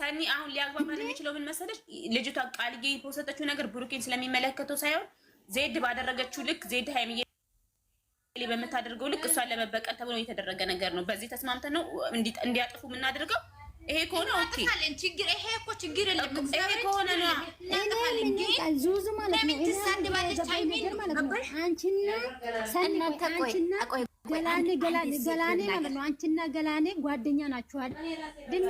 ሰኒ አሁን ሊያግባባን የሚችለው ምን መሰለሽ፣ ልጅቷ ቃልዬ በሰጠችው ነገር ብሩኬን ስለሚመለከተው ሳይሆን ዜድ ባደረገችው ልክ ዜድ ሀይሚዬ በምታደርገው ልክ እሷን ለመበቀል ተብሎ የተደረገ ነገር ነው። በዚህ ተስማምተን ነው እንዲያጠፉ የምናደርገው። ይሄ ከሆነ ችግር ይሄ እኮ ችግር ይሄ ከሆነ ነው ማለት ነው። ገላኔ ገላኔ ገላኔ ማለት ነው። አንቺና ገላኔ ጓደኛ ናችሁ አይደል?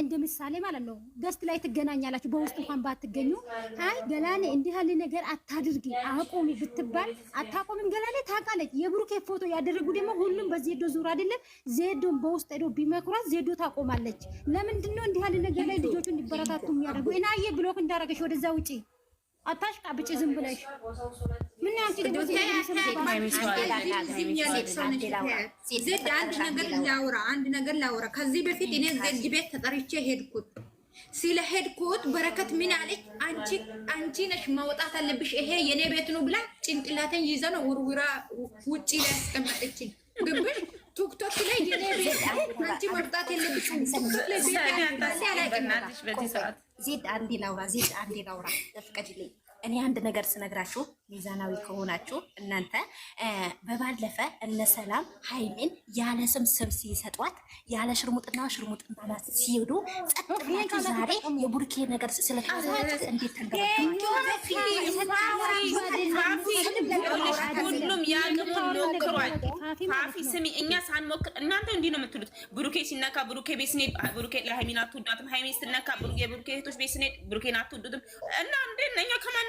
እንደ ምሳሌ ማለት ነው። ገስት ላይ ትገናኛላችሁ በውስጥ እንኳን ባትገኙ፣ አይ ገላኔ እንዲህ ያለ ነገር አታድርጊ አቆሚ ብትባል አታቆሚም። ገላኔ ታውቃለች። የብሩኬ ፎቶ ያደረጉ ደግሞ ሁሉም በዜዶ ዙር አይደለም። ዜዶን በውስጥ ሄዶ ቢመክሯት ዜዶ ታቆማለች። ለምንድን ነው እንዲህ ያለ ነገር ላይ ልጆቹ እንዲበረታቱ የሚያደርጉ? እናዬ ብሎክ እንዳደረገሽ ወደዛ ውጪ አታሽ ቃብጭ ዝም ብለሽ ምን አንቺ ደግሞ አንድ ነገር ላውራ አንድ ነገር ላውራ። ከዚህ በፊት እኔ ዘድ ቤት ተጠርቼ ሄድኩት። ሲለ ሄድኩት በረከት ምን አለች? አንቺ አንቺ ነሽ ማውጣት አለብሽ ይሄ የኔ ቤት ነው ብላ ጭንቅላተን ይዘ ነው ውርውራ ውጪ ላይ ያስቀመጠችኝ። ግብሽ ቱክቶክ ላይ የኔ ቤት አንቺ መውጣት የለብሽ ቱክቶክ ላይ ቤት ያላቅናለሽ በዚህ ሰዓት ዜድ አንዴ ላውራ ዜድ አንዴ ላውራ ፍቀድልኝ እኔ አንድ ነገር ስነግራችሁ ሚዛናዊ ከሆናችሁ እናንተ በባለፈ እነ ሰላም ሀይሜን ያለ ስም ስም ሲሰጧት ያለ ሽርሙጥና ሽርሙጥና ናት ሲሄዱ ጸጥ ዛሬ የቡርኬ ነገር ስለተዋላችሁ እንዴት ተንገባሁሉም ያቅሙን ሞክሯል። ፋፊ ስሚ፣ እኛ ሳንሞክር እናንተ እንዲህ ነው የምትሉት። ብሩኬ ሲነካ ብሩኬ ቤት ስንሄድ ብሩኬ ለሀይሜን አትወዳትም፣ ሀይሜን ስትነካ ብሩኬ ቤቶች ቤት ስንሄድ ብሩኬን አትወዱትም እና እንዴ እኛ ከማን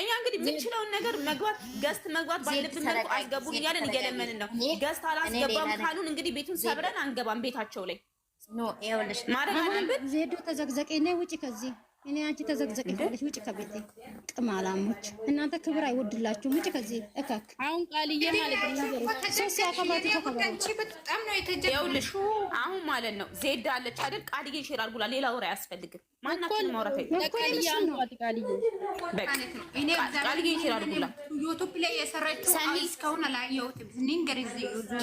እኛ እንግዲህ የምንችለውን ነገር መግባት ገስት መግባት ባለብን መልኩ አስገቡ እያለን እየለመንን ነው። ገስት አላስገባም ካሉን እንግዲህ ቤቱን ሰብረን አንገባም። ቤታቸው ላይ ማድረግ አለብን። ዜዶ ተዘግዘቄ ነይ ውጪ ከዚህ እኔ አንቺ ተዘግዘቅ ውጭ ከቤቴ ቅማላሞች እናንተ ክብር አይወድላችሁም ውጭ ከዚህ እከክ አሁን ቃልዬ ማለት ነው አሁን ማለት ነው ዜድ አለች አይደል ቃልዬ ሼር ሌላ ወሬ አያስፈልግም ማናችን ማውራት ሼር ዩቱብ ላይ የሰራችው እስካሁን አላየሁትም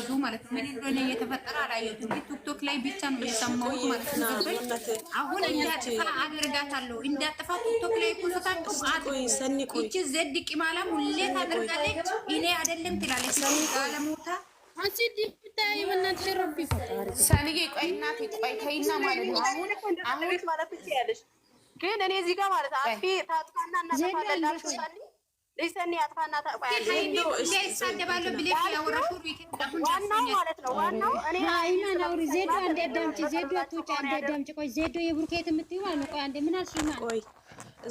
ዙ ማለት ምን እንደሆነ እየተፈጠረ አላየሁትም ቲክቶክ ላይ ብቻ ነው የሰማሁት ማለት ነው አሁን እኛ አደርጋታለሁ አውቃለሁ። እንዳጠፋ ቲክቶክ ላይ እኮ ስታቅም አት ይቺ ዘድ ቂማላም ሁሌ ታደርጋለች። እኔ አይደለም ትላለች አንቺ ለሞታ ሰንዬ ቆይ እናቴ ቆይ ተይና ማለት ነው አሁን አሁን ማለት ትችያለሽ። ግን እኔ እዚህ ጋር ማለት አፊ ታጥፋና እናጠፋለን ላልኩ ሳልኝ ሊሰኒ አጥፋና ታቋያለሳደባለ ብሌሽ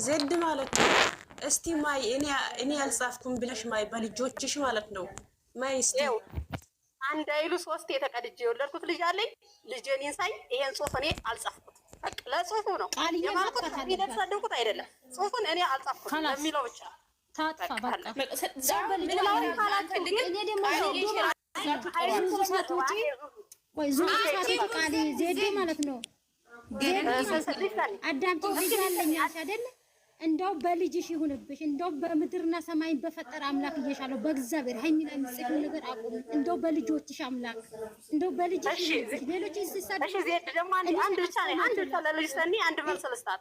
ዜድ ማለት ነው። እስቲ ማይ እኔ ያልጻፍኩም ብለሽ ማይ በልጆችሽ ማለት ነው። ማይ እስቲ አንድ አይሉ ሶስት የተቀድጄ የወለድኩት ልጅ አለኝ። ልጄን ይንሳይ። ይሄን ጽሁፍ እኔ አልጻፍኩት። ለጽሁፉ ነው የማልኩት። የተሳደብኩት አይደለም። ጽሁፉን እኔ አልጻፍኩት ለሚለው ብቻ ታጥፋ በቃ እንደው በልጅሽ ይሁንብሽ። እንደው በምድርና ሰማይ በፈጠረ አምላክ እየሻለው በእግዚአብሔር ሀይሚና የሚጽፍ ነገር አቁም። እንደው በልጆችሽ አምላክ እንደው በልጅሽ ሌሎች እንስሳት አንድ ብቻ ነው። አንድ ብቻ ለልጅ ሰኒ አንድ መልስ ልስጣት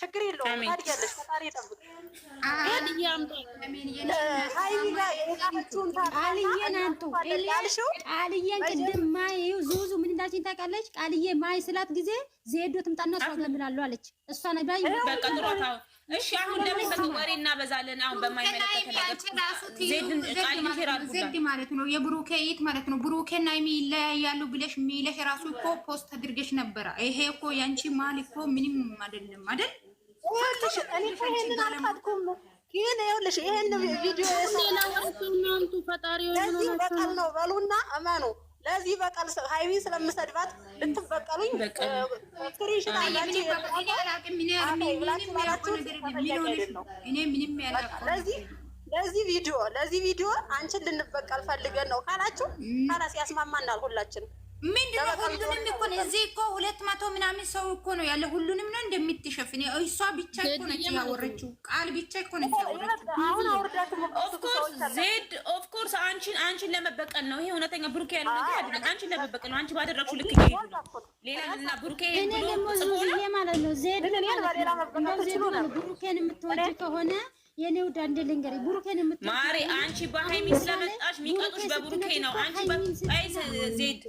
ችግር የለውም። ታድያለሽ። ቃልዬን ቅድም ማይ ዙዙ ምን ቃልዬ ማይ ስላት ጊዜ ዜዶ ትምጣና እሷ ትለምላለሁ አለች። እሷ እሺ፣ አሁን እናበዛለን? አሁን በማይመለከት ማለት ነው የብሩኬ ይት ማለት ነው። ይለያያሉ ብለሽ ሚለሽ ራሱ እኮ ፖስት አድርገሽ ነበረ። ይሄ እኮ ያንቺ ማል እኮ ምንም አይደለም አይደል? ይኸውልሽ እኔ እኮ ይሄንን አልካድኩም፣ ግን ይኸውልሽ ይሄን ቪዲዮ ለዚህ በቀል ነው በሉና እመኑ። ለዚህ በቀል ሀይሚን ስለምሰድባት ልትበቀሉኝ ትሪሽን ለዚህ ቪዲዮ ለዚህ ቪዲዮ አንቺን ልንበቀል ፈልገን ነው ካላችሁ ካላስ ያስማማናል ሁላችን ምንድን ነው ሁሉንም እኮ እዚህ እኮ ሁለት መቶ ምናምን ሰው እኮ ነው ያለ። ሁሉንም ነው እንደምትሸፍን እሷ ብቻ እኮ ነች ያወረችው፣ ቃል ብቻ እኮ ነች ያወረችው። ኦፍኮርስ አንቺን አንቺን ለመበቀል ነው ይሄ እውነተኛ ብሩኬ ያለው ነገር አይደለም። አንቺን ለመበቀል ነው። አንቺ ባደረግሽው ልክ ይሄ ሌላ እና ብሩኬ ብሎ ጽፎ ነው ማለት ነው ዜድ ብሩኬን የምትወጪ ከሆነ የኔ ውድ አንዴ ልንገርሽ፣ ብሩኬን ማሪ፣ አንቺ ስለመጣሽ የሚቀጡሽ በብሩኬ ነው። አንቺ ዜድ፣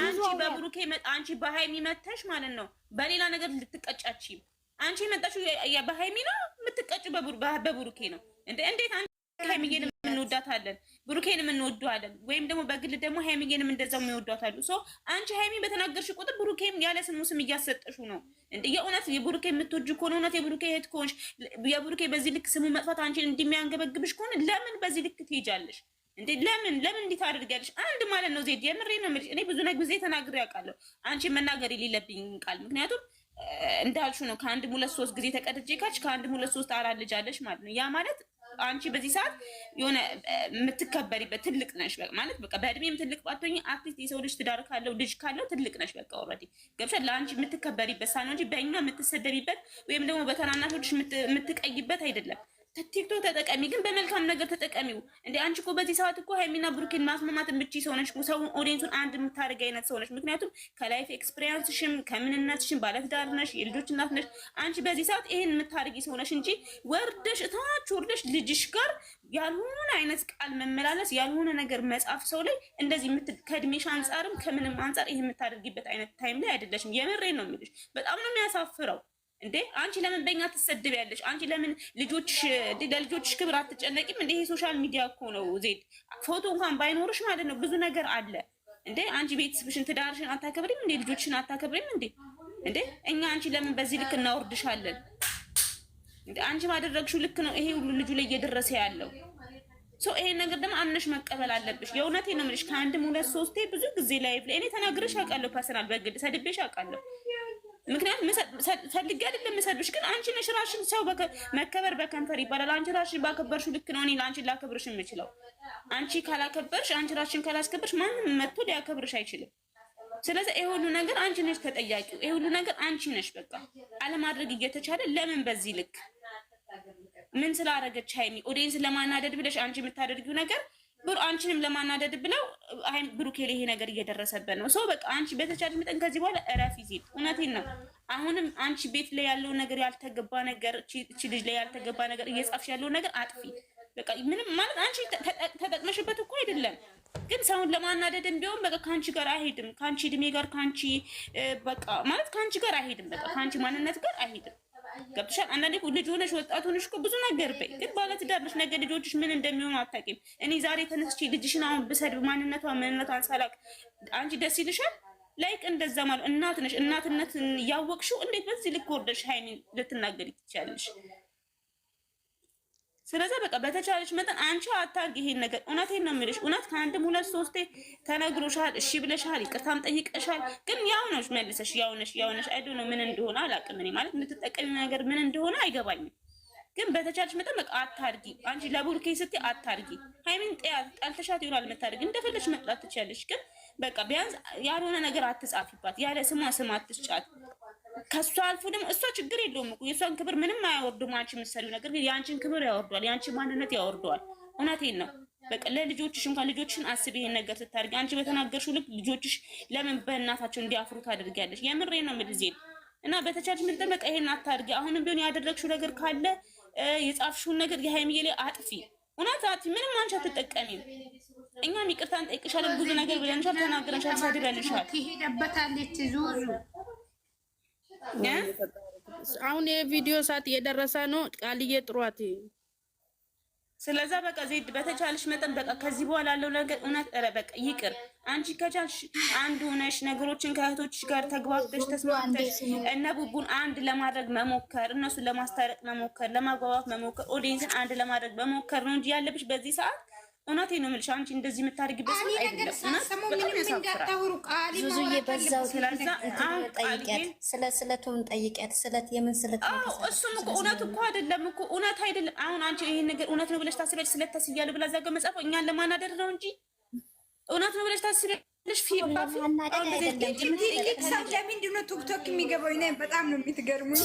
አንቺ በብሩኬ አንቺ በሃይሚ መተሽ ማለት ነው። በሌላ ነገር ልትቀጫችም አንቺ ነው። በብሩኬ ነው። እንዴት ሀይሚዬንም እንወዳታለን ብሩኬንም እንወደዋለን፣ ወይም ደግሞ በግል ደግሞ ሀይሚዬንም እንደዛው የሚወዷታሉ። ሰው አንቺ ሀይሚ በተናገርሽ ቁጥር ብሩኬም ያለ ስሙ ስም እያሰጠሹ ነው። እንደ የእውነት የብሩኬ የምትወጅ ከሆነ እውነት የብሩኬ እህት ከሆንሽ የብሩኬ በዚህ ልክ ስሙ መጥፋት አንቺን እንደሚያንገበግብሽ ከሆነ ለምን በዚህ ልክ ትሄጃለሽ? እንዴ ለምን ለምን እንዴት አድርጋለሽ? አንድ ማለት ነው ዜድ የምሬ ነው የምልሽ። እኔ ብዙ ጊዜ ተናግሬ ያውቃለሁ። አንቺ መናገር የሌለብኝ ቃል ምክንያቱም እንዳልሹ ነው። ከአንድ ሁለት ሶስት ጊዜ ተቀድጄ ካች ከአንድ ሁለት ሶስት አራት ልጅ አለሽ ማለት ነው ያ ማለት አንቺ በዚህ ሰዓት የሆነ የምትከበሪበት ትልቅ ነሽ ማለት በቃ በእድሜም ትልቅ ባትሆኝ አትሊስት የሰው ልጅ ትዳር ካለው ልጅ ካለው ትልቅ ነሽ በቃ ኦልሬዲ ገብቶሻል። ለአንቺ የምትከበሪበት ሳይሆን እንጂ በእኛ የምትሰደቢበት ወይም ደግሞ በተናናሾች የምትቀይበት አይደለም። ቲክቶክ ተጠቀሚ፣ ግን በመልካም ነገር ተጠቀሚው። እንደ አንቺ እኮ በዚህ ሰዓት እኮ ሀይሚና ብሩኬን ማስማማት የምችይ ሰውነች፣ ሰውን ኦዲየንሱን አንድ የምታደርግ አይነት ሰውነች። ምክንያቱም ከላይፍ ኤክስፔሪንስሽም ከምንነትሽም ባለትዳር ነሽ፣ የልጆች እናት ነሽ። አንቺ በዚህ ሰዓት ይህን የምታደርጊ ሰውነች እንጂ ወርደሽ እታች ወርደሽ ልጅሽ ጋር ያልሆነ አይነት ቃል መመላለስ፣ ያልሆነ ነገር መጻፍ ሰው ላይ እንደዚህ ከእድሜሽ አንጻርም ከምንም አንጻር ይሄ የምታደርጊበት አይነት ታይም ላይ አይደለሽም። የምሬን ነው የሚልሽ። በጣም ነው የሚያሳፍረው። እንዴ አንቺ ለምን በእኛ ትሰደቢያለሽ? አንቺ ለምን ልጆች ለልጆች ክብር አትጨነቂም? እንዴ ይሄ ሶሻል ሚዲያ እኮ ነው። ዜድ ፎቶ እንኳን ባይኖርሽ ማለት ነው ብዙ ነገር አለ። እንዴ አንቺ ቤተሰብሽን፣ ትዳርሽን አታከብሪም እንዴ? ልጆችሽን አታከብሪም እንዴ? እንዴ እኛ አንቺ ለምን በዚህ ልክ እናወርድሻለን? እንዴ አንቺ ባደረግሽው ልክ ነው ይሄ ሁሉ ልጁ ላይ እየደረሰ ያለው ሶ ይሄን ነገር ደግሞ አምነሽ መቀበል አለብሽ። የእውነቴ ነው የምልሽ። ከአንድም ሁለት ሶስቴ ብዙ ጊዜ ላይ ብለ እኔ ተናግረሽ አውቃለሁ። ፐርሰናል በግል ሰድቤሽ አውቃለሁ። ምክንያቱም ፈልጌ አይደለም የምሰድብሽ፣ ግን አንቺ ነሽ ሰው መከበር በከንፈር ይባላል። አንቺ ራሽን ባከበርሽው ልክ ነው እኔ ለአንቺን ላከብርሽ የምችለው። አንቺ ካላከበርሽ፣ አንቺ ራሽን ካላስከበርሽ ማንም መጥቶ ሊያከብርሽ አይችልም። ስለዚህ ይሄ ሁሉ ነገር አንቺ ነሽ ተጠያቂው። ይሄ ሁሉ ነገር አንቺ ነሽ። በቃ አለማድረግ እየተቻለ ለምን በዚህ ልክ ምን ስላደረገች ሀይሚ ኦዲየንስ ለማናደድ ብለሽ አንቺ የምታደርጊው ነገር አንቺንም ለማናደድ ብለው አይ ብሩኬ ይሄ ነገር እየደረሰበት ነው። ሰው በቃ አንቺ በተቻለሽ መጠን ከዚህ በኋላ እረፍ ይዜድ። እውነቴን ነው። አሁንም አንቺ ቤት ላይ ያለው ነገር ያልተገባ ነገር እቺ ልጅ ላይ ያልተገባ ነገር እየጻፍሽ ያለው ነገር አጥፊ። በቃ ምንም ማለት አንቺ ተጠቅመሽበት እኮ አይደለም፣ ግን ሰውን ለማናደድም ቢሆን በቃ ከአንቺ ጋር አይሄድም። ከአንቺ እድሜ ጋር ከአንቺ በቃ ማለት ከአንቺ ጋር አይሄድም። በቃ ከአንቺ ማንነት ጋር አይሄድም። ገብቶሻል። አንዳንዴ ልጅ ሆነሽ ወጣት ሆነሽ እኮ ብዙ ነገር በይ፣ ግን ባለትዳር ነሽ። ነገ ልጆችሽ ምን እንደሚሆኑ አታውቂም። እኔ ዛሬ ተነስቼ ልጅሽን አሁን ብሰድብ ማንነቷ ምንነቷን ሳላውቅ አንቺ ደስ ይልሻል? ላይክ እንደዛ ማለት እናት ነሽ። እናትነትን እያወቅሽው እንዴት በዚህ ልክ ወርደሽ ሀይሚን ልትናገሪ ትችያለሽ? ስለዚህ በቃ በተቻለች መጠን አንቺ አታርግ ይሄን ነገር። እውነቴን ነው የምልሽ። እውነት ከአንድም ሁለት ሶስቴ ተነግሮሻል፣ እሺ ብለሻል፣ ይቅርታም ጠይቀሻል። ግን ያው ነሽ መልሰሽ ያው ነሽ ያው ነሽ። አይዶ ነው ምን እንደሆነ አላውቅም። እኔ ማለት የምትጠቀሚ ነገር ምን እንደሆነ አይገባኝም። ግን በተቻለች መጠን በቃ አታርጊ። አንቺ ለቡርኬ ስትይ አታርጊ። ሃይሚን ጠልተሻት ይሆናል መታደርግ እንደፈለሽ መጥላት ትችያለሽ። ግን በቃ ቢያንስ ያልሆነ ነገር አትጻፊባት፣ ያለ ስሟ ስም አትስጫት። ከሱ አልፎ ደግሞ እሷ ችግር የለውም እኮ የእሷን ክብር ምንም አያወርዱም። አንቺ የምትሰሪው ነገር ግን የአንቺን ክብር ያወርዷል፣ የአንቺ ማንነት ያወርደዋል። እውነቴን ነው። በቃ ለልጆችሽ እንኳን ልጆችሽን አስብ። ይሄን ነገር ስታደርጊ አንቺ በተናገርሽው ልክ ልጆችሽ ለምን በእናታቸው እንዲያፍሩ ታደርጊያለሽ? የምሬ ነው ምልዜ እና በተቻለሽ መጠን በቃ ይሄን አታድርጊ። አሁንም ቢሆን ያደረግሽው ነገር ካለ የጻፍሽውን ነገር የሀይሚዬ ላይ አጥፊ፣ እውነት አጥፊ። ምንም አንቺ አትጠቀሚም። እኛም ይቅርታን እንጠይቅሻለን። ብዙ ነገር ብለንሻል፣ ተናግረንሻል፣ ሳድበንሻል። ትሄደበታለች ዙዙ አሁን የቪዲዮ ሰዓት እየደረሰ ነው። ቃልዬ ጥሯት። ስለዛ በቃ ዜድ በተቻለሽ መጠን በቃ ከዚህ በኋላ ያለው ነገር እውነት ኧረ በቃ ይቅር። አንቺ ከቻልሽ አንድ ሆነሽ ነገሮችን ከእህቶችሽ ጋር ተግባብተሽ ተስማምተሽ እነ ቡቡን አንድ ለማድረግ መሞከር፣ እነሱን ለማስታረቅ መሞከር፣ ለማግባባት መሞከር፣ ኦዲየንስን አንድ ለማድረግ መሞከር ነው እንጂ ያለብሽ በዚህ ሰዓት እውነቴ ነው የምልሽ። አንቺ እንደዚህ የምታደርግበት ሰዓት አይደለም። ዙዙዬ በዛው ጠይቂያት፣ ስለ ስለቱን ጠይቂያት። ስለት የምን ስለት? እሱም እኮ እውነት እኮ አይደለም እኮ እውነት አይደለም። አሁን አንቺ ይሄን ነገር እውነት ነው ብለሽ ታስቢያለሽ። ስለት ተስያለሁ ብላ እዛ ጋር እኛን ለማናደር ነው እንጂ እውነት ነው ብለሽ ታስቢያለሽ። ለምንድን ነው ቶክቶክ የሚገባው? በጣም ነው የምትገርሙኝ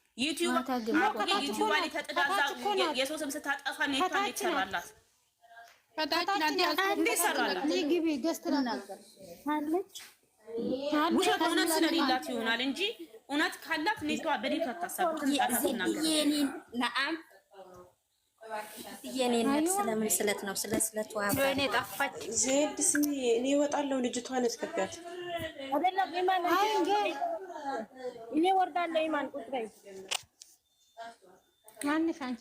የሰው ይሆናል እንጂ እውነት ካላት ኔቷ በዴት አታሳቡት። የኔነት ስለምን ስለት ነው? ስለ ዜድ ስሚ፣ እኔ እወጣለሁ። ልጅቷን እኔ ወርዳለሁ። ማን ቁጭ በይ ማንሽ አንቺ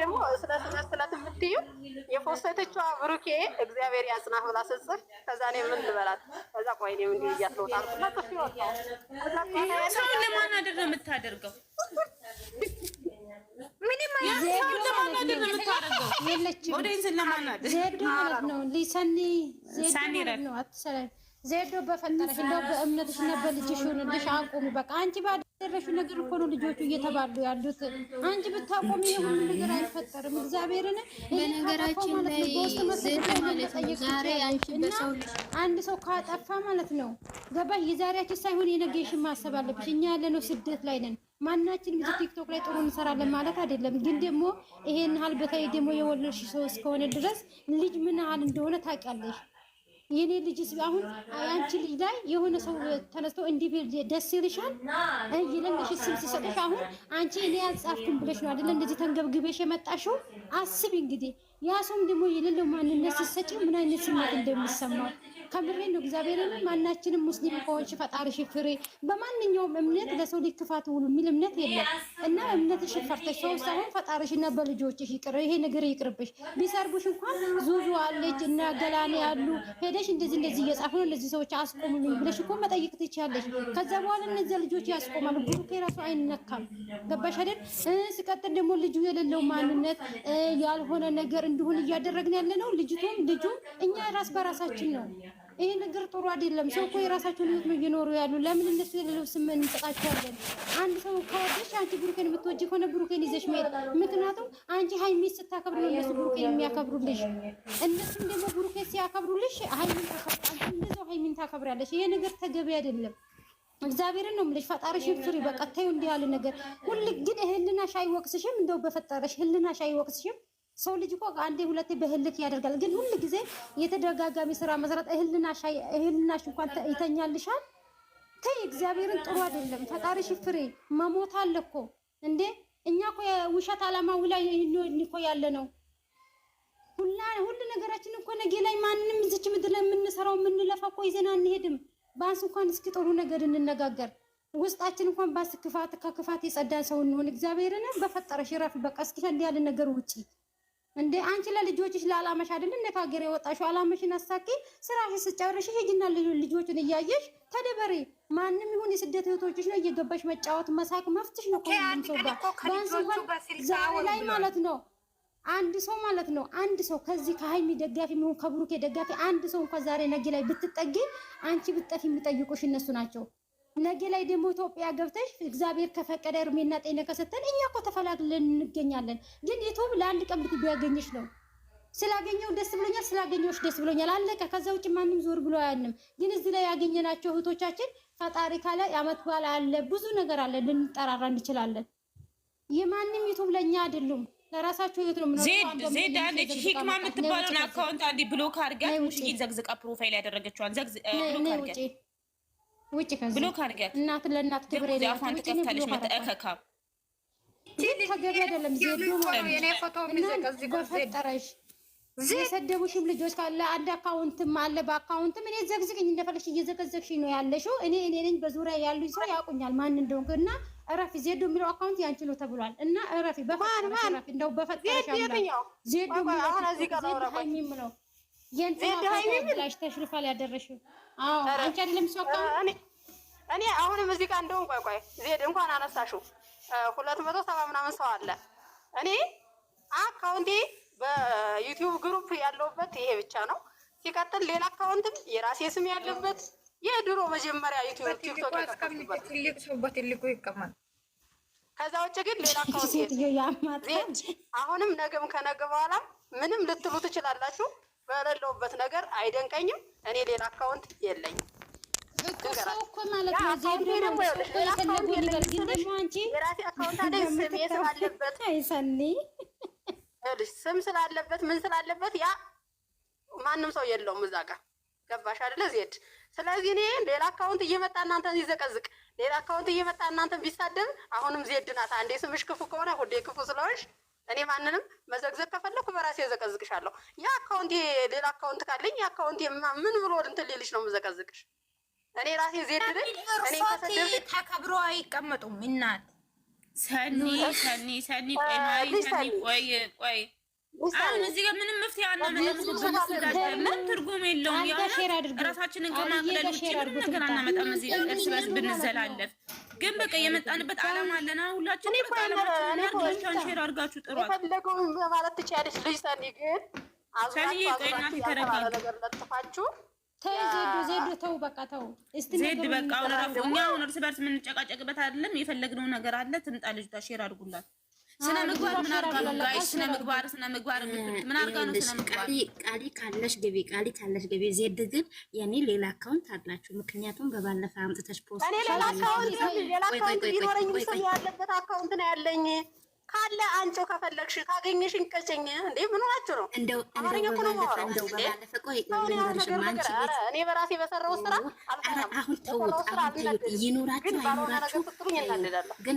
ደግሞ ስለ ስለት የምትዩ የፖስተችዋ ብሩኬ እግዚአብሔር ያጽናህ ብላ ስጽፍ ከዛ እኔ ምን ልበላት? ከዛ ቆይ እኔ ምን ለማን አድር የምታደርገው? ምንም የለችም ማለት ነው። ዜዶ በፈጠረሽ እንደው በእምነትሽ እና በልጅሽ ሆንልሽ አቁሚ። በቃ አንቺ ባደረሽው ነገር እኮ ነው ልጆቹ እየተባሉ ያሉት። አንቺ ብታቆሚ የሁሉ ነገር አይፈጠርም። እግዚአብሔርን በነገራችን ላይ ዛሬ አንቺ በሰው አንድ ሰው ካጠፋ ማለት ነው ገባሽ፣ የዛሬያችን ሳይሆን የነገሽን ማሰብ አለብሽ። እኛ ያለነው ስደት ላይ ነን። ማናችን ጊዜ ቲክቶክ ላይ ጥሩ እንሰራለን ማለት አይደለም፣ ግን ደግሞ ይሄን ሀል በታይ ደግሞ የወለድሽ ሰው እስከሆነ ድረስ ልጅ ምን ያህል እንደሆነ ታውቂያለሽ። የኔ ልጅስ አሁን አንቺ ልጅ ላይ የሆነ ሰው ተነስቶ እንዲህ ደስ ይልሻል ይለልሽ ስም ሲሰጥሽ፣ አሁን አንቺ እኔ ያልጻፍኩም ብለሽ ነው አይደለ? እንደዚህ ተንገብግበሽ የመጣሽው። አስቢ እንግዲህ ያ ሰውም ደግሞ የሌለው ማንነት ሲሰጪ ምን አይነት ስሜት እንደሚሰማው ከምሬ ነው። እግዚአብሔርን ማናችንም ሙስሊም ከሆንሽ ፈጣሪሽ ፍሬ። በማንኛውም እምነት ለሰው ልጅ ክፋት ሁሉ የሚል እምነት የለም እና እምነትሽ ፈርተሽ ሰው ሳይሆን ፈጣሪሽና በልጆችሽ ይቅር፣ ይሄ ነገር ይቅርብሽ። ቢሰርቡሽ እንኳን ዙዙ አለች እና ገላኔ ያሉ ሄደሽ እንደዚህ እንደዚህ እየጻፉ ነው እነዚህ ሰዎች አስቆሙልኝ ብለሽ እኮ መጠየቅ ትችያለሽ። ከዛ በኋላ እነዚያ ልጆች ያስቆማሉ። ብሩኬ ራሱ አይነካም። ገባሽ አይደል? ስቀጥል ደግሞ ልጁ የሌለው ማንነት ያልሆነ ነገር እንዲሆን እያደረግን ያለ ነው። ልጅቱም ልጁ እኛ ራስ በራሳችን ነው ይሄ ነገር ጥሩ አይደለም። ሰው እኮ የራሳቸውን ህይወት ነው እየኖሩ ያሉ። ለምን እነሱ የሌለው ስም እንጥቃቸዋለን? አንድ ሰው ከወደሽ አንቺ ብሩኬን የምትወጂ ከሆነ ብሩኬን ይዘሽ መሄድ። ምክንያቱም አንቺ ሀይሚን ስታከብር ነው እነሱ ብሩኬን የሚያከብሩልሽ። እነሱም ደግሞ ብሩኬን ሲያከብሩልሽ ሀይሚን ታከብራለሽ፣ እንደዛው ሀይሚን ታከብራለሽ። ይሄ ነገር ተገቢ አይደለም። እግዚአብሔርን ነው የምልሽ። ፈጣሪሽን ፍሪ። በቃ ተይው እንዲህ ያለ ነገር ሁሉ ግን ህልናሽ አይወቅስሽም። እንደው በፈጠረሽ ህልናሽ አይወቅስሽም። ሰው ልጅ እኮ አንዴ ሁለቴ በህልክ ያደርጋል። ግን ሁሉ ጊዜ የተደጋጋሚ ስራ መስራት እህልናሽ ሻይ እንኳን ይተኛልሻል። ተይ እግዚአብሔርን ጥሩ አይደለም። ፈጣሪ ሽፍሬ መሞት አለ እኮ እንዴ! እኛ እኮ የውሸት አላማ ውላ እኮ ያለ ነው። ሁላ ሁሉ ነገራችን እኮ ነገ ላይ ማንንም ዝች ምድር ላይ የምንሰራው የምንለፋ እኮ ይዘን አንሄድም። ባንስ እንኳን እስኪ ጥሩ ነገር እንነጋገር ውስጣችን እንኳን ባስ ክፋት ከክፋት የጸዳን ሰው እንሆን። እግዚአብሔርን በፈጠረ ሽረፍ በቃ እስኪ ያለ ነገር ውጭ እንደ አንቺ ለልጆችሽ ላላመሽ አይደል እንደ ከሀገር የወጣሽው? አላመሽን አሳኪ ስራሽ ስጨርሽ ሂጂና ልጆችን እያየሽ ተደበሪ። ማንም ይሁን የስደት እህቶችሽ ነው እየገባሽ መጫወት መሳቅ መፍትሽ ነው። ከአንድ ሰው ጋር ዛሬ ላይ ማለት ነው አንድ ሰው ማለት ነው አንድ ሰው ከዚህ ከሀይሚ ደጋፊ የሚሆን ከብሩኬ ደጋፊ አንድ ሰው እንኳን ዛሬ ነጊ ላይ ብትጠጊ አንቺ ብትጠፊ የሚጠይቁሽ እነሱ ናቸው። ነገ ላይ ደግሞ ኢትዮጵያ ገብተሽ እግዚአብሔር ከፈቀደ እርሜና ጤና ከሰጠን እኛ እኮ ተፈላግለን እንገኛለን። ግን የቶም ለአንድ ቀን ብት ቢያገኘሽ ነው። ስላገኘው ደስ ብሎኛል፣ ስላገኘዎች ደስ ብሎኛል፣ አለቀ። ከዛ ውጭ ማንም ዞር ብሎ አያንም። ግን እዚህ ላይ ያገኘናቸው እህቶቻችን ፈጣሪ ካለ የዓመት በዓል አለ፣ ብዙ ነገር አለ፣ ልንጠራራ እንችላለን። የማንም ዩቱብ ለእኛ አይደሉም፣ ለራሳቸው ዩቱብ ነው። ዜድ ዜድ አለች ሂክማ የምትባለውን አካውንት አንዴ ብሎክ አድርጋ ውጭ ዘግዝቃ ፕሮፋይል ያደረገችዋን ዘግዝ ብሎክ አድርጋ ውጭ ብሎክ አድርጊያት። እናት ለእናት ክብር የሰደቡሽም ልጆች ካለ አንድ አካውንትም አለ። በአካውንትም እኔ ዘግዝግኝ እንደፈለሽ እየዘገዘግሽ ነው ያለሽው። እኔ እኔ ነኝ። በዙሪያ ያሉኝ ሰው ያውቁኛል ማን እንደሆንክ እና እረፊ። ዜዶ የሚለው አካውንት ያንቺ ነው ተብሏል እና እረፊ። በፈጠረሽ እንደው በፈጠረሽ ዜዶ የሚለው የንትሽ ተሽሩፋ ሊያደረሽው አንቺ አይደለም ሰካ እኔ አሁንም እዚህ ጋር እንደውም ቆይ ቆይ ዜድ እንኳን አነሳሽው ሁለት መቶ ሰባ ምናምን ሰው አለ። እኔ አካውንቴ በዩቲዩብ ግሩፕ ያለውበት ይሄ ብቻ ነው። ሲቀጥል ሌላ አካውንትም የራሴ ስም ያለበት የድሮ መጀመሪያ ዩቲዩብ ቲክቶክ ያለበት ከዛ ውጭ ግን ሌላ አካውንት አሁንም ነገም ከነገ በኋላ ምንም ልትሉ ትችላላችሁ። በሌለውበት ነገር አይደንቀኝም። እኔ ሌላ አካውንት የለኝም ስም ስላለበት ምን ስላለበት ያ ማንም ሰው የለውም እዛ ጋር ገባሽ አይደለ ዜድ። ስለዚህ እኔ ሌላ አካውንት እየመጣ እናንተን ሲዘቀዝቅ፣ ሌላ አካውንት እየመጣ እናንተን ቢሳደብ አሁንም ዜድ ናት። አንዴ ስምሽ ክፉ ከሆነ ሁዴ ክፉ ስለሆንሽ እኔ ማንንም መዘግዘግ ከፈለኩ በራሴ ዘቀዝቅሻለሁ። ያ አካውንት ሌላ አካውንት ካለኝ ያ አካውንት ምን ብሎ እንትን ሌልሽ ነው የምዘቀዝቅሽ? እኔ ራሴ ዜድልኝ እኔ ተከብሮ አይቀመጡም። እናት ሰኒ ሰኒ ሰኒ ሰኒ ቆይ ቆይ አሁን እዚህ ጋር ምንም መፍትሄ ምንም ትርጉም የለውም። ራሳችንን ከማቅለል ውጭ ምንም ነገር አናመጣም። እዚህ እርስ በርስ ብንዘላለፍ ግን በቃ የመጣንበት አላማ አለና ሁላችን ሼር አድርጋችሁ ጥሩ የፈለገውን በማለት ትችያለሽ። ልጅ ሰኒ ግን ዜድ በቃ አሁን እኛ አሁን እርስ በርስ የምንጨቃጨቅበት አይደለም። የፈለግነው ነገር አለ። ትምጣ ልጅቷ ሼር አድርጉላት። ስነ ምግባር ምን አድርጋ ነው ጋይስ? ስነ ምግባር ስነ ምግባር ምን አድርጋ ነው? ስነ ምግባር ቃሊ ካለሽ ገቢ ቃሊ ካለሽ ገቢ ዜድ ግን የኔ ሌላ አካውንት አላችሁ። ምክንያቱም በባለፈ አምጥተሽ ፖስት እኔ ሌላ አካውንት ሌላ አካውንት ቢኖረኝ ስም ያለበት አካውንት ነው ያለኝ ካለ አንጮ ከፈለግሽ ካገኘሽኝ ቀጨኝ እንዴ ምን ሆናችሁ ነው? እንደው አማርኛ እኮ ነው ማለት እንደው ባለፈ ቆይ እኔ በራሴ በሰራው ስራ አሁን ተውት። አሁን ተውት። ይኑራችሁ አይኑራችሁ ግን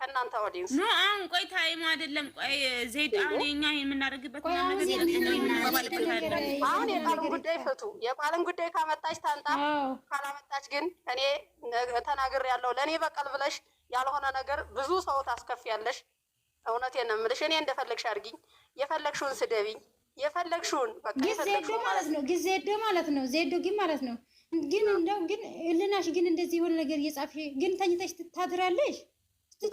ከእናንተ ወዲህ አሁን ቆይ ታይም አይደለም። ቆይ ዜድ አሁን የኛ የምናደርግበት አሁን የቃልን ጉዳይ ፍቱ። የቃልን ጉዳይ ካመጣች ታንጣ፣ ካላመጣች ግን እኔ ተናግር ያለው ለእኔ በቀል ብለሽ ያልሆነ ነገር ብዙ ሰው ታስከፊያለሽ። እውነቴን ነው የምልሽ። እኔ እንደፈለግሽ አድርጊኝ፣ የፈለግሽውን ስደቢኝ፣ የፈለግሽውን ጊዜዶ ማለት ነው ጊዜዶ ማለት ነው ዜዶ ግን ማለት ነው ግን እንደው ግን እልናሽ ግን እንደዚህ የሆነ ነገር እየጻፍሽ ግን ተኝተሽ ታድራለሽ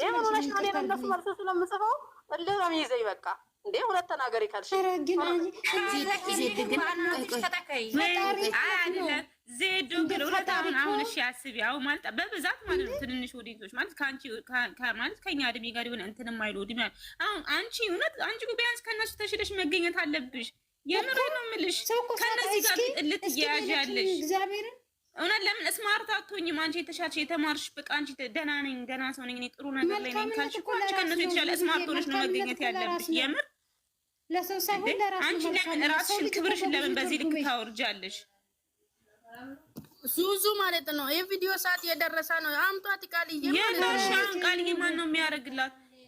የምን ሆነሽ ነው? እኔ ለእነሱ መልስ ስለምጽፈው እልህ ነው የሚይዘኝ። በቃ እንዴ ሁለት ተናገሪ ግን አሁን እሺ አስቢ። አሁን ማለት በብዛት ማለት ነው ትንንሽ ማለት ከአንቺ ማለት ከኛ እድሜ ጋር የሆነ እንትን የማይሉ እድሜ አሁን አንቺ እውነት አንቺ ቢያንስ ከእነሱ ተሽለሽ መገኘት አለብሽ። የምሬ ነው የምልሽ ከእነዚህ ጋር እግዚአብሔርን እውነት ለምን ስማርት አትሆኝም? አንቺ የተሻልሽ የተማርሽ በቃ አንቺ ደህና ነኝ ገና ሰው ነኝ ጥሩ ነገር ላይ ነኝ ካልሽ እኮ አንቺ ከእነሱ የተሻለ ስማርት ሆነሽ ነው መገኘት ያለብሽ። የምር ለሰው ሳይሆን ለራስሽ። አንቺ ለምን ራስሽን ክብርሽን ለምን በዚህ ልክ ታወርጃለሽ? ዙዙ ማለት ነው። የቪዲዮ ሰዓት የደረሰ ነው። አምጧት ቃልዬ። የለሽ ቃልዬ ማን ነው የሚያደርግላት?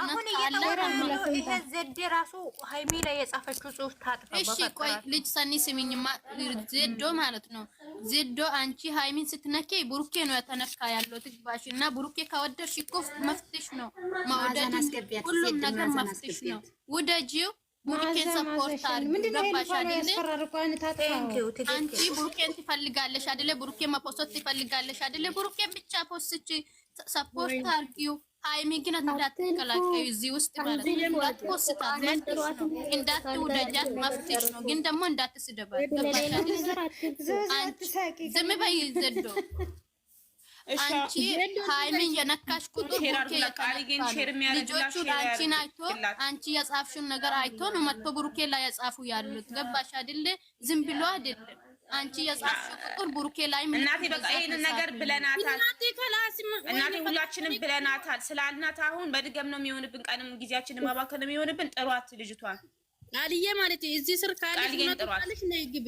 አሁን ይሄ ዘዴ ራሱ ሀይሚ ላይ የጻፈችው ጽሁፍ ታጥፋ። እሺ ቆይ ልጅ ሰኒ ስሚኝማ፣ ዜዶ ማለት ነው። ዜዶ አንቺ ሀይሚን ስትነኬ ብሩኬ ነው የተነካ ያለው ትግባሽ እና ብሩኬ ከወደድሽ እኮ መፍትሽ ነው ማውደድ፣ ሁሉም ነገር መፍትሽ ነው። ውደጂው ብሩኬን ሰፖርት አንቺ ብሩኬን ትፈልጋለሽ አይደለ? ብሩኬን መፖስት ትፈልጋለሽ አይደለ? ብሩኬን ብቻ ፖስች፣ ሰፖርት አድርጊው ሃይሚ ግን እንዳትቀላቀዩ እዚህ ውስጥ ማለት ነው። እንዳትወስታት እንዳትውደጃት መፍትሽ ነው። ግን ደግሞ እንዳትስደባት ዝም በይ ዘዶ አንቺ ሃይሚን የነካሽ ቁጥር ልጆቹ አንቺን አይቶ አንቺ የጻፍሽውን ነገር አይቶ ነው መጥቶ ብሩኬ ላይ የጻፉ ያሉት ገባሽ አይደለ? ዝም ብሎ አይደለም። አንቺ የጻፍሽው ቁጥር ብሩኬ ላይ ምን እናቴ በቃ ይሄንን ነገር ብለናታል። እናቴ እናቴ ሁላችንም ብለናታል ስላልናት አሁን በድገም ነው የሚሆንብን፣ ቀንም ጊዜያችንን ማባከን ነው የሚሆንብን። ጥሯት ልጅቷን ቃልዬ ማለት እዚህ ስር ካለሽ ግቢ።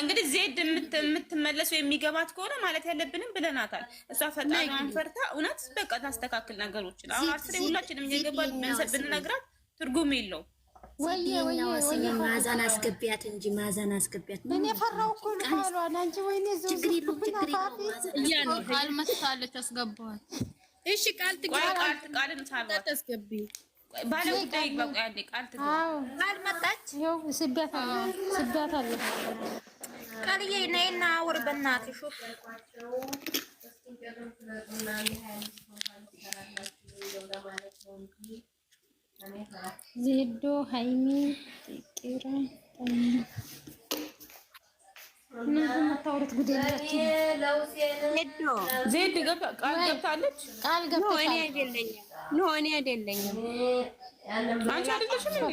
እንግዲህ ዜድ የምትመለሱ የሚገባት ከሆነ ማለት ያለብንም ብለናታል። እሷ ፈጣን ፈርታ እውነት በቃ ታስተካክል ነገሮችን። አሁን አስሬ ሁላችንም እየገባ ብንነግራት ትርጉም የለውም። ማዛን አስገቢያት እንጂ ማዛን አስገቢያት። እኔ ፈራሁ እኮ ቃል መሳለች አስገባዋል። እሺ ቃል መጣች። ቃልዬ ነይና አውሪ በእናትሽ ዜዶ ሀይሚ ቂራ እናንተ የማታወሩት ጉዳይ ዜድ ቃል ገብታለች። ቃል ገብታ እኔ አይደለኝም። አንቺ አይደለሽም እንዴ?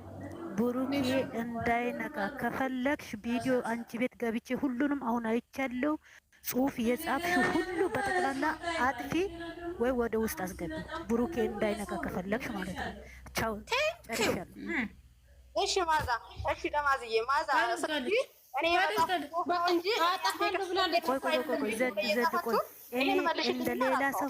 ብሩኬ እንዳይነካ ከፈለግሽ ቪዲዮ አንቺ ቤት ገብቼ ሁሉንም አሁን አይቻለሁ። ጽሁፍ የጻፍሽ ሁሉ በጠቅላላ አጥፊ ወይ ወደ ውስጥ አስገቢ። ብሩኬ እንዳይነካ ከፈለግሽ ማለት ነው። ቻው፣ ጨርሻለሁ። እሺ ማዛ፣ እሺ ለማዝዬ ማዛ እኔ ቆይ ቆይ ቆይ ቆይ ዘድ ዘድ እኔ እንደሌላ ሰው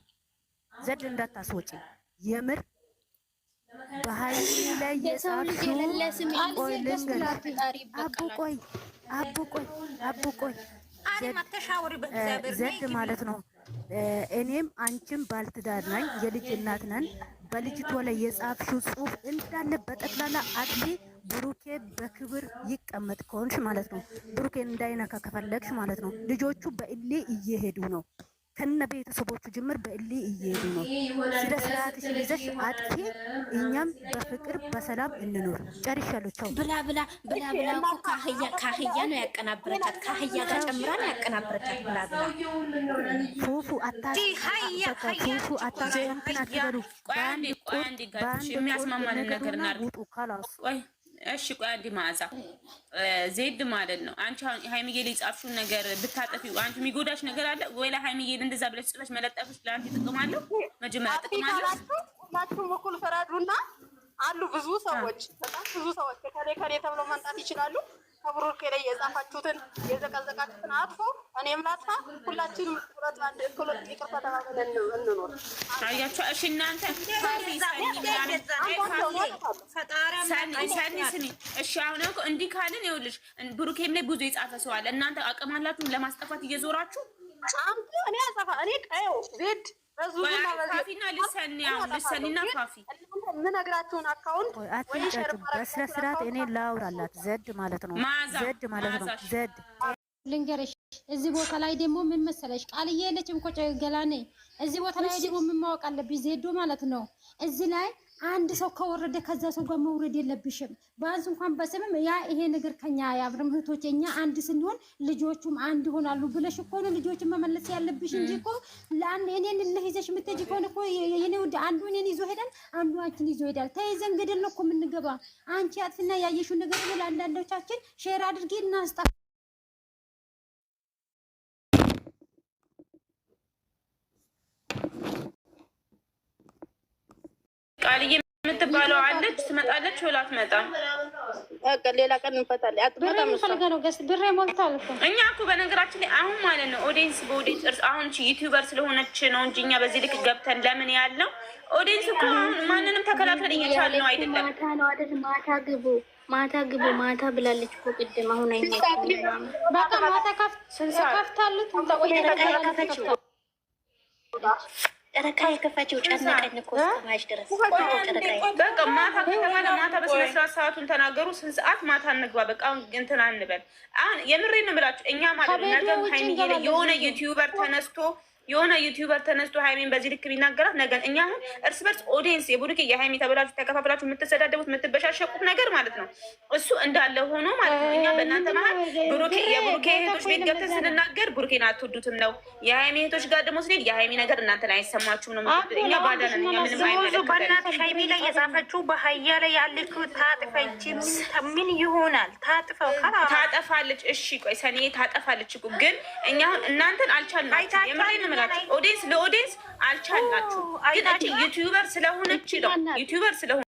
ዘድ እንዳታስወጪ የምር በሀይል ላይ የጻፍሽው ቆይ አቡቆይ አቡቆይ አቡቆይ ዘድ ማለት ነው። እኔም አንቺም ባልትዳር ነኝ፣ የልጅ እናት ነን። በልጅቷ ላይ የጻፍሽው ጽሁፍ እንዳለ በጠቅላላ አግሊ ብሩኬ በክብር ይቀመጥ ከሆንሽ ማለት ነው። ብሩኬን እንዳይነካ ከፈለግሽ ማለት ነው። ልጆቹ በእሌ እየሄዱ ነው። ከነ ቤተሰቦቹ ጅምር በእሊ እየሄዱ ነው። ስለ ስርዓትሽን ይዘሽ አጥፊ፣ እኛም በፍቅር በሰላም እንኖር። ጨርሻለሁ። ቻው ብላ ብላ ብላ ብላ ካህያ ካህያ ነው ያቀናብረቻት፣ ካህያ ተጨምራ ነው ያቀናብረቻት። ብላ ብላ ፉፉ አታፉፉ አታ አትበሉ። በአንድ ቁርጥ በአንድ ቁርጥ ነገሩና ውጡ ካላሱ እሺ ቆይ አንዴ ማዕዛ ዜድ ማለት ነው። አንቺ ሃይሚጌ ላይ ጻፍሽውን ነገር ብታጠፊ አንቺ የሚጎዳሽ ነገር አለ ወይ? ለሃይሚጌ እንደዛ ብለሽ ጽፈሽ መለጠፍሽ ለአንቺ ጥቅም አለው? መጀመሪያ ጥቅም አለው። ሁላችሁም እኩል ፍረዱና አሉ ብዙ ሰዎች በጣም ብዙ ሰዎች ከሌ ከሌ ተብለው መምጣት ይችላሉ። ከብሩኬ ላይ የጻፋችሁትን የዘቀዘቃችሁትን አጥፎ እኔም ላጥፋ፣ ሁላችንም ጥረት አንድ እኩል ይቅርታ ተባብለን እንኖር። አያችሁ? እሺ እናንተ ሰኒ፣ እሺ አሁን እኮ እንዲህ ካልን ይኸውልሽ፣ ብሩኬም ላይ ብዙ የጻፈ ሰው አለ። እናንተ አቅም አላችሁ ለማስጠፋት እየዞራችሁ እኔ አጻፋ እኔ ቀየው ዜድ ምነግራችሁን አካውንት በስነ ስርዓት እኔ ላውራላት። ዘድ ማለት ነው ዘድ ማለት ነው ዘድ ልንገርሽ። እዚህ ቦታ ላይ ደግሞ ምን መሰለሽ ቃልዬ የለችም እኮ ገላኔ። እዚህ ቦታ ላይ ደግሞ ምን ማወቅ አለብሽ ዜዶ ማለት ነው እዚህ ላይ አንድ ሰው ከወረደ ከዛ ሰው ጋር መውረድ የለብሽም። በአንስ እንኳን በስምም ያ ይሄ ነገር ከኛ ያብርም እህቶች እኛ አንድ ስንሆን ልጆቹም አንድ ይሆናሉ ብለሽ እኮ ነው ልጆችን መመለስ ያለብሽ እንጂ እኮ ለአንድ እኔን ለይዘሽ የምትሄጂ ከሆነ እኮ የኔ ውድ አንዱ እኔን ይዞ ሄዳል፣ አንዱ አንቺን ይዞ ሄዳል። ተይዘን ገደል ነው እኮ የምንገባ። አንቺ አጥፍና ያየሽው ነገር ብሎ አንዳንዶቻችን ሼር አድርጌ እናስጣ የምትባለው አለች ትመጣለች፣ ወላ አትመጣም። ሌላ ቀን እንፈታለን። ብሬ ሞልቷል እኮ እኛ እኮ በነገራችን ላይ አሁን ማለት ነው ኦዲየንስ በኦዲየንስ እርስ አሁን ዩቲዩበር ስለሆነች ነው እንጂ እኛ በዚህ ልክ ገብተን ለምን ያልነው ኦዲየንስ እኮ አሁን ማንንም ተከላከል እየቻል ነው አይደለም። ማታ ነው አይደል? ማታ ግቡ ማታ ግቡ ማታ ብላለች እኮ ቅድም። አሁን አይ በቃ ማታ ከፍታሉት ጨረቃ የከፋቸው ጨነቀን እኮ እስከማች ድረስ በቃ ማታ ከተባለ ማታ በስነ ስርዓት ሰዓቱን ተናገሩ። ስንት ሰዓት ማታ እንግባ፣ በቃ እንትን አንበል። አሁን የምሬን ነው የምላችሁ እኛ ማለት ነገር የሆነ ዩቲዩበር ተነስቶ የሆነ ዩቲዩበር ተነስቶ ሀይሜን በዚህ ልክ ቢናገራት ነገር እኛ አሁን እርስ በርስ ኦዲየንስ የቡሩኬ የሀይሜ ተብላችሁ ተከፋፍላችሁ የምትሰዳደቡት የምትበሻሸቁት ነገር ማለት ነው። እሱ እንዳለ ሆኖ ማለት ነው እኛ በእናንተ መሀል ብሩኬ የቡሩኬ እህቶች ቤት ገብተን ስንናገር ብሩኬን አትወዱትም ነው። የሀይሜ እህቶች ጋር ደግሞ ስንሄድ የሀይሜ ነገር እናንተ ላይ አይሰማችሁም ነው። እኛ ባዳነን ምንም አይመለከተንም። በእናትሽ ሀይሜ ላይ የጻፈችው በሀያ ላይ ያለችው ታጥፈች ምን ይሆናል? ታጥፈው ታጠፋለች። እሺ ቆይ ሰኔ ታጠፋለች። ግን እኛ አሁን እናንተን አልቻልንም። ምላችሁ ኦዲንስ ለኦዲንስ አልቻላችሁ። ግን ዩቲዩበር ስለሆነች ነው ዩቲዩበር ስለሆነ